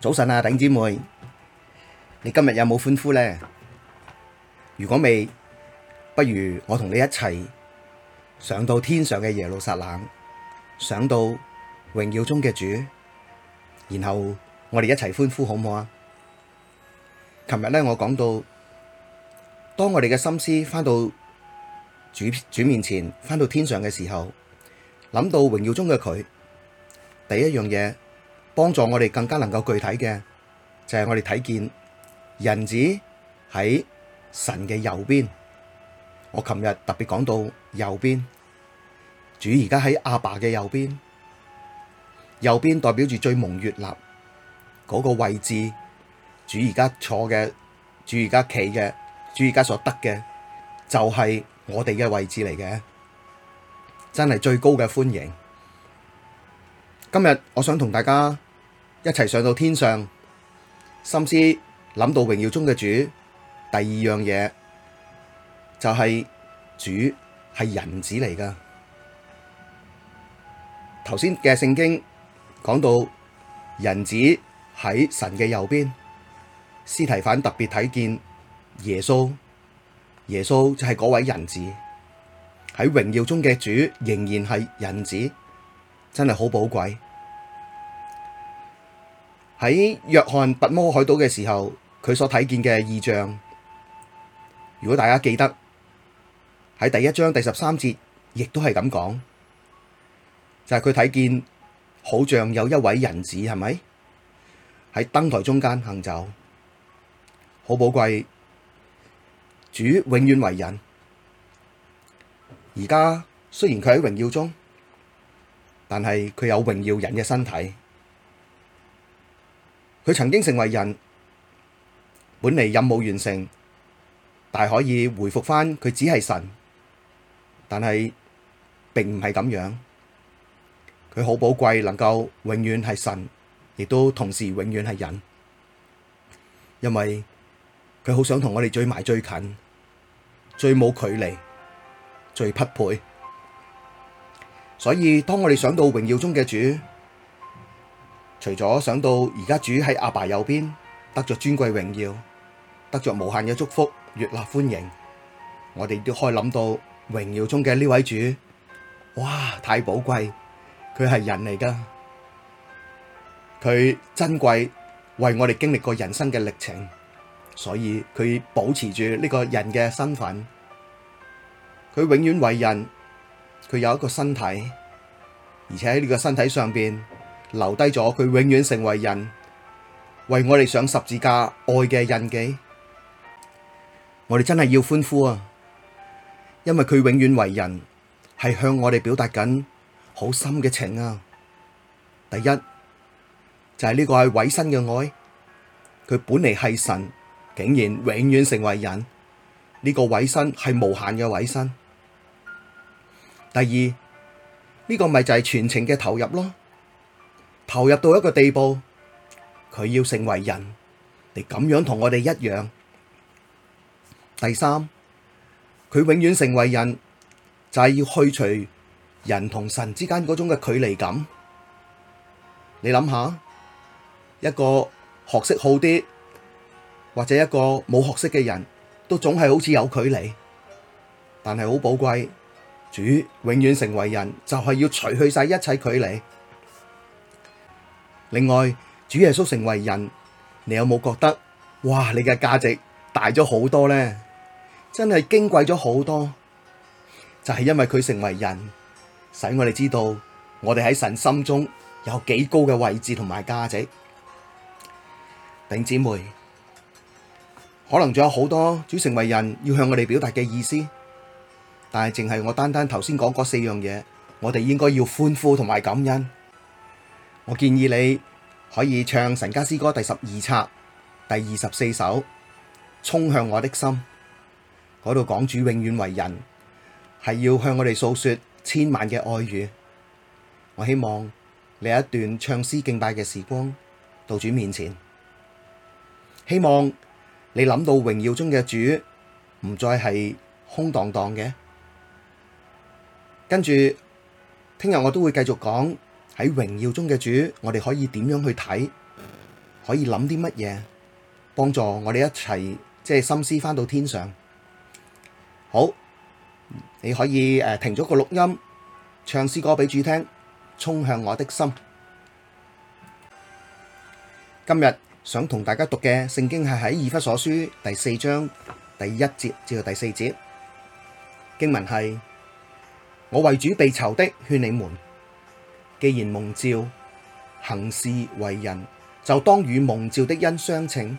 早晨啊，頂姐妹，你今日有冇歡呼咧？如果未，不如我同你一齊上到天上嘅耶路撒冷，上到榮耀中嘅主，然後我哋一齊歡呼好好，好唔好啊？琴日咧，我講到，當我哋嘅心思翻到主主面前，翻到天上嘅時候，諗到榮耀中嘅佢，第一樣嘢。幫助我哋更加能夠具體嘅，就係、是、我哋睇見人子喺神嘅右邊。我琴日特別講到右邊，主而家喺阿爸嘅右邊，右邊代表住最蒙悅立悅納嗰個位置。主而家坐嘅，主而家企嘅，主而家所得嘅，就係、是、我哋嘅位置嚟嘅，真係最高嘅歡迎。今日我想同大家。一齊上到天上，心思諗到榮耀中嘅主，第二樣嘢就係、是、主係人子嚟㗎。頭先嘅聖經講到人子喺神嘅右邊，司提反特別睇見耶穌，耶穌就係嗰位人子喺榮耀中嘅主，仍然係人子，真係好寶貴。喺約翰拔摩海島嘅時候，佢所睇見嘅異象，如果大家記得喺第一章第十三節，亦都係咁講，就係佢睇見好像有一位人子，係咪喺燈台中間行走？好寶貴，主永遠為人。而家雖然佢喺榮耀中，但係佢有榮耀人嘅身體。佢曾經成為人，本嚟任務完成，但可以回復翻佢只係神，但係並唔係咁樣。佢好寶貴，能夠永遠係神，亦都同時永遠係人，因為佢好想同我哋最埋最近，最冇距離，最匹配。所以當我哋想到榮耀中嘅主。除咗想到而家主喺阿爸右邊，得着尊貴榮耀，得着無限嘅祝福，悅納歡迎，我哋都可以諗到榮耀中嘅呢位主，哇，太寶貴！佢係人嚟噶，佢珍貴，為我哋經歷過人生嘅歷程，所以佢保持住呢個人嘅身份，佢永遠為人，佢有一個身體，而且喺呢個身體上邊。留低咗佢永遠成為人，為我哋上十字架愛嘅印記，我哋真係要歡呼啊！因為佢永遠為人係向我哋表達緊好深嘅情啊！第一就係、是、呢個係委身嘅愛，佢本嚟係神，竟然永遠成為人，呢、這個委身係無限嘅委身。第二呢、這個咪就係全情嘅投入咯。投入到一個地步，佢要成為人你咁樣同我哋一樣。第三，佢永遠成為人，就係要去除人同神之間嗰種嘅距離感。你諗下，一個學識好啲，或者一個冇學識嘅人，都總係好似有距離，但係好寶貴。主永遠成為人，就係要除去晒一切距離。另外，主耶穌成為人，你有冇覺得哇？你嘅價值大咗好多呢？真係矜貴咗好多，就係因為佢成為人，使我哋知道我哋喺神心中有幾高嘅位置同埋價值。弟兄姊妹，可能仲有好多主成為人要向我哋表達嘅意思，但係淨係我單單頭先講嗰四樣嘢，我哋應該要歡呼同埋感恩。我建議你可以唱《神家詩歌》第十二冊第二十四首《衝向我的心》，嗰度講主永遠為人，係要向我哋訴說千萬嘅愛語。我希望你有一段唱詩敬拜嘅時光，到主面前，希望你諗到榮耀中嘅主唔再係空蕩蕩嘅。跟住，聽日我都會繼續講。喺榮耀中嘅主，我哋可以點樣去睇？可以諗啲乜嘢幫助我哋一齊即係心思返到天上？好，你可以誒停咗個錄音，唱詩歌俾主聽。衝向我的心。今日想同大家讀嘅聖經係喺以弗所書第四章第一節至到第四節。經文係：我為主被囚的勸你們。既然蒙召，行事為人，就當與蒙召的恩相稱。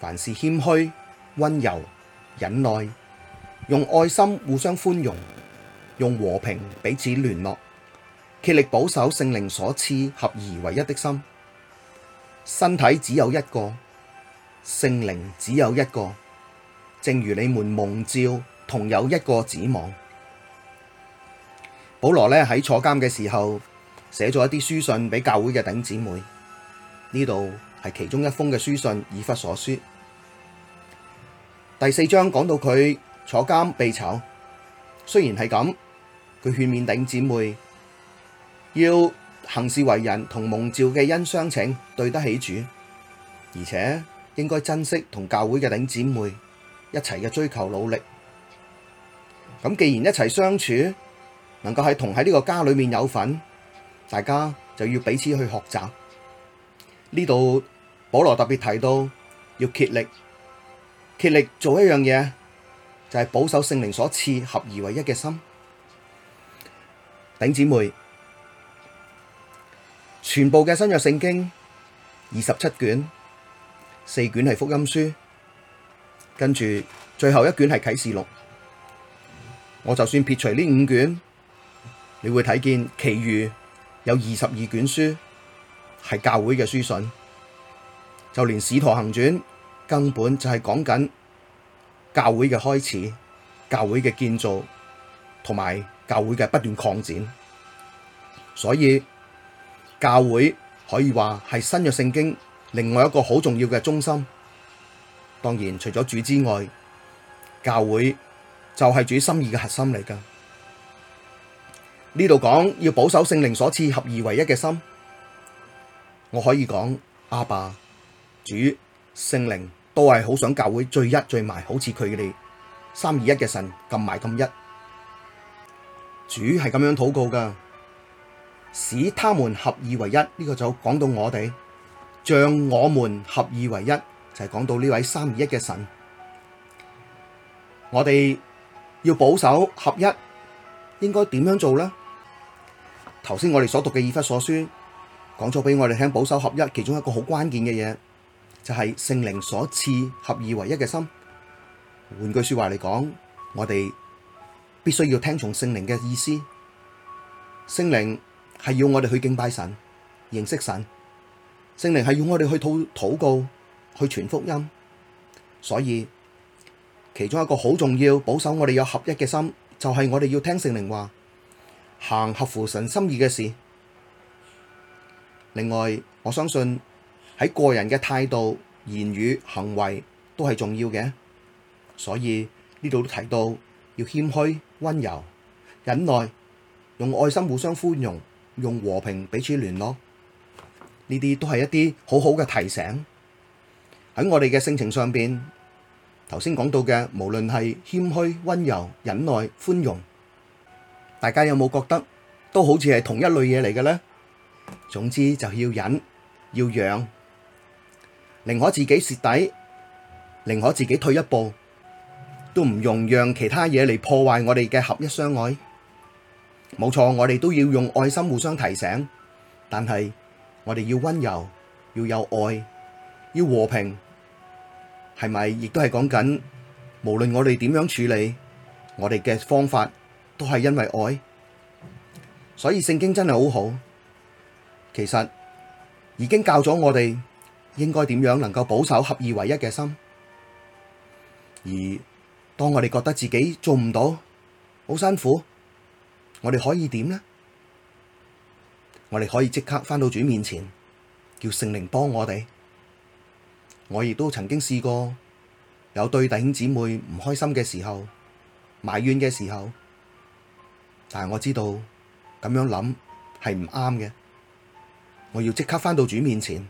凡事謙虛、温柔、忍耐，用愛心互相寬容，用和平彼此聯絡，竭力保守聖靈所賜合而為一的心。身體只有一個，聖靈只有一個，正如你們蒙召同有一個指望。保羅咧喺坐監嘅時候寫咗一啲書信俾教會嘅頂姊妹，呢度係其中一封嘅書信，以弗所書第四章講到佢坐監被囚，雖然係咁，佢勸勉頂姊妹要行事為人同蒙召嘅恩相稱，對得起主，而且應該珍惜同教會嘅頂姊妹一齊嘅追求努力，咁既然一齊相處。能夠喺同喺呢個家裏面有份，大家就要彼此去學習。呢度保羅特別提到要竭力，竭力做一樣嘢，就係、是、保守聖靈所賜合而為一嘅心。頂姊妹，全部嘅新約聖經二十七卷，四卷係福音書，跟住最後一卷係啟示錄。我就算撇除呢五卷。你會睇見其餘有二十二卷書係教會嘅書信，就連《使徒行傳》根本就係講緊教會嘅開始、教會嘅建造同埋教會嘅不斷擴展。所以教會可以話係新約聖經另外一個好重要嘅中心。當然，除咗主之外，教會就係主心意嘅核心嚟㗎。呢度講要保守聖靈所賜合而為一嘅心，我可以講阿爸、主、聖靈都係好想教會聚一聚埋，好似佢哋三而一嘅神咁埋咁一。主係咁樣禱告噶，使他們合而為一。呢、這個就講到我哋，將我們合而為一，就係、是、講到呢位三而一嘅神。我哋要保守合一，應該點樣做咧？頭先我哋所讀嘅《以弗所書》講咗俾我哋聽保守合一，其中一個好關鍵嘅嘢就係、是、聖靈所賜合而為一嘅心。換句話說話嚟講，我哋必須要聽從聖靈嘅意思。聖靈係要我哋去敬拜神、認識神；聖靈係要我哋去禱禱告、去傳福音。所以，其中一個好重要，保守我哋有合一嘅心，就係、是、我哋要聽聖靈話。行合乎神心意嘅事。另外，我相信喺個人嘅態度、言語、行為都係重要嘅。所以呢度都提到要謙虛、溫柔、忍耐，用愛心互相寬容，用和平彼此聯絡，呢啲都係一啲好好嘅提醒喺我哋嘅性情上邊，頭先講到嘅，無論係謙虛、溫柔、忍耐、寬容。大家有冇覺得都好似係同一類嘢嚟嘅呢？總之就要忍，要讓，寧可自己蝕底，寧可自己退一步，都唔用讓其他嘢嚟破壞我哋嘅合一相愛。冇錯，我哋都要用愛心互相提醒，但係我哋要溫柔，要有愛，要和平，係咪？亦都係講緊，無論我哋點樣處理，我哋嘅方法。都係因為愛，所以聖經真係好好。其實已經教咗我哋應該點樣能夠保守合而為一嘅心。而當我哋覺得自己做唔到，好辛苦，我哋可以點呢？我哋可以即刻返到主面前，叫聖靈幫我哋。我亦都曾經試過有對弟兄姊妹唔開心嘅時候，埋怨嘅時候。但係我知道咁樣諗係唔啱嘅，我要即刻返到主面前。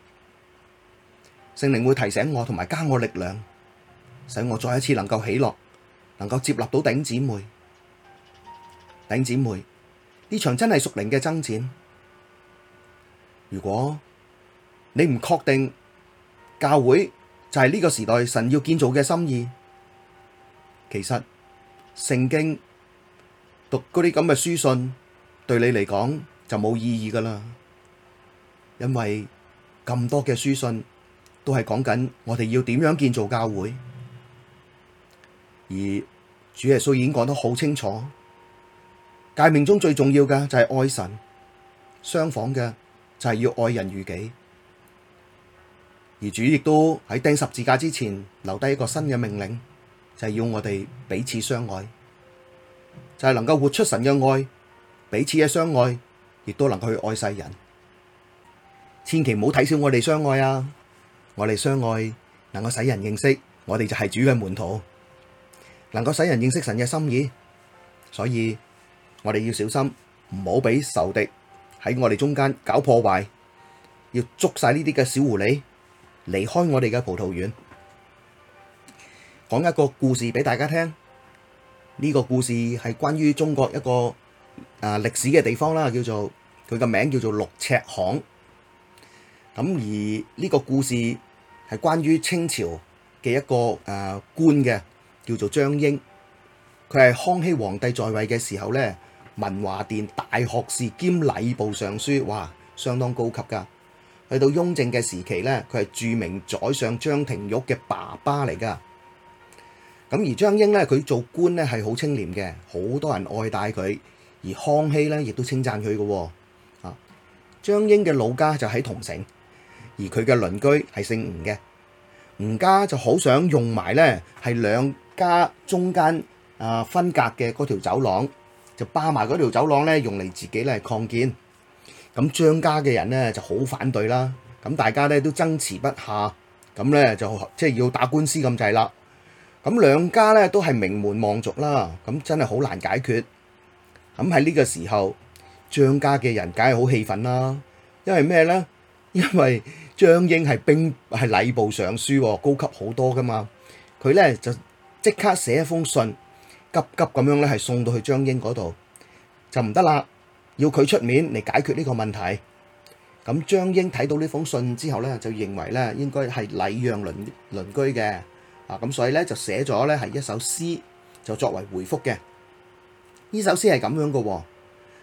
聖靈會提醒我同埋加我力量，使我再一次能夠起落，能夠接納到頂姊妹。頂姊妹，呢場真係屬靈嘅爭戰。如果你唔確定教會就係呢個時代神要建造嘅心意，其實聖經。讀嗰啲咁嘅書信，對你嚟講就冇意義噶啦，因為咁多嘅書信都係講緊我哋要點樣建造教會。而主耶穌已經講得好清楚，誡命中最重要嘅就係愛神，相仿嘅就係要愛人如己，而主亦都喺釘十字架之前留低一個新嘅命令，就係要我哋彼此相愛。就係能夠活出神嘅愛，彼此嘅相愛，亦都能夠去愛世人。千祈唔好睇小我哋相愛啊！我哋相愛，能夠使人認識我哋就係主嘅門徒，能夠使人認識神嘅心意。所以，我哋要小心，唔好俾仇敵喺我哋中間搞破壞，要捉晒呢啲嘅小狐狸，離開我哋嘅葡萄園。講一個故事俾大家聽。呢個故事係關於中國一個啊、呃、歷史嘅地方啦，叫做佢個名叫做六尺巷。咁而呢個故事係關於清朝嘅一個啊、呃、官嘅，叫做張英。佢係康熙皇帝在位嘅時候呢，文華殿大學士兼禮部尚書，哇，相當高級噶。去到雍正嘅時期呢，佢係著名宰相張廷玉嘅爸爸嚟噶。咁而張英咧，佢做官咧係好清廉嘅，好多人愛戴佢。而康熙咧，亦都稱讚佢嘅喎。啊，張英嘅老家就喺桐城，而佢嘅鄰居係姓吳嘅，吳家就好想用埋咧，係兩家中間啊分隔嘅嗰條走廊，就霸埋嗰條走廊咧用嚟自己咧擴建。咁、啊、張家嘅人咧就好反對啦，咁、啊、大家咧都爭持不下，咁、啊、咧就即係要打官司咁滯啦。咁兩家咧都係名門望族啦，咁真係好難解決。咁喺呢個時候，張家嘅人梗係好氣憤啦，因為咩呢？因為張英係兵係禮部尚書，高級好多噶嘛。佢呢就即刻寫一封信，急急咁樣咧係送到去張英嗰度，就唔得啦，要佢出面嚟解決呢個問題。咁張英睇到呢封信之後呢，就認為呢應該係禮讓鄰鄰居嘅。啊咁所以咧就寫咗咧係一首詩，就作為回覆嘅。呢首詩係咁樣嘅喎、哦，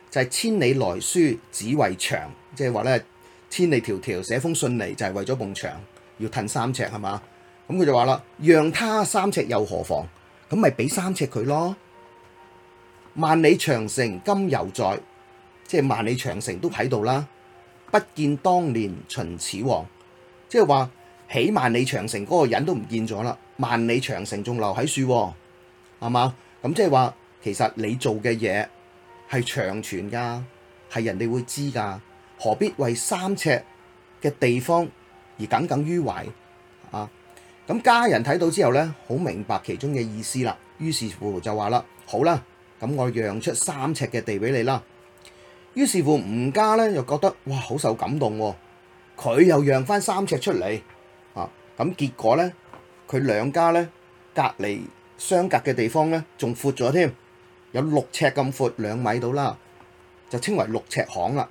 就係、是、千里來書只為牆，即係話咧千里迢迢寫封信嚟就係、是、為咗埲牆，要褪三尺係嘛？咁佢、嗯、就話啦，讓他三尺又何妨？咁咪俾三尺佢咯。萬里長城今又在，即係萬里長城都喺度啦。不見當年秦始皇，即係話。起萬里長城嗰個人都唔見咗啦，萬里長城仲留喺樹喎，係嘛？咁即係話，其實你做嘅嘢係長存噶，係人哋會知噶，何必為三尺嘅地方而耿耿於懷啊？咁家人睇到之後呢，好明白其中嘅意思啦。於是乎就話啦：好啦，咁我讓出三尺嘅地俾你啦。於是乎吳家呢又覺得哇，好受感動喎，佢又讓翻三尺出嚟。啊！咁結果咧，佢兩家咧隔籬相隔嘅地方咧，仲闊咗添，有六尺咁闊，兩米到啦，就稱為六尺巷啦。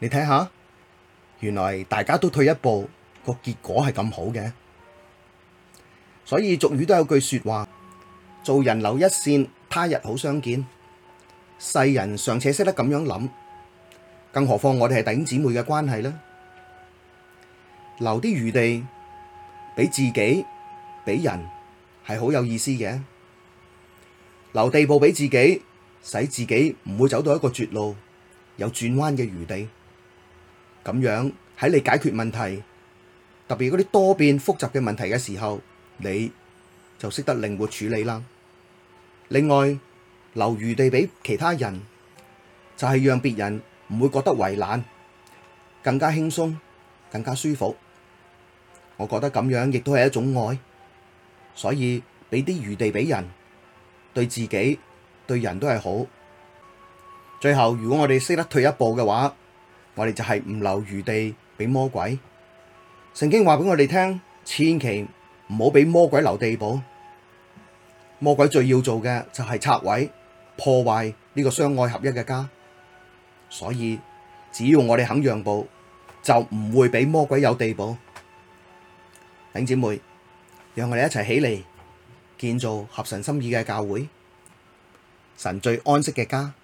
你睇下，原來大家都退一步，個結果係咁好嘅。所以俗語都有句說話：做人留一線，他日好相見。世人尚且識得咁樣諗，更何況我哋係弟兄姊妹嘅關係咧。留啲餘地俾自己，俾人係好有意思嘅。留地步俾自己，使自己唔會走到一個絕路，有轉彎嘅餘地。咁樣喺你解決問題，特別嗰啲多變複雜嘅問題嘅時候，你就識得靈活處理啦。另外，留餘地俾其他人，就係、是、讓別人唔會覺得為難，更加輕鬆，更加舒服。我覺得咁樣亦都係一種愛，所以俾啲餘地俾人，對自己對人都係好。最後，如果我哋識得退一步嘅話，我哋就係唔留餘地俾魔鬼。聖經話俾我哋聽，千祈唔好俾魔鬼留地步。魔鬼最要做嘅就係拆毀破壞呢個相愛合一嘅家。所以，只要我哋肯讓步，就唔會俾魔鬼有地步。弟兄姊妹，讓我哋一齊起嚟，建造合神心意嘅教會，神最安息嘅家。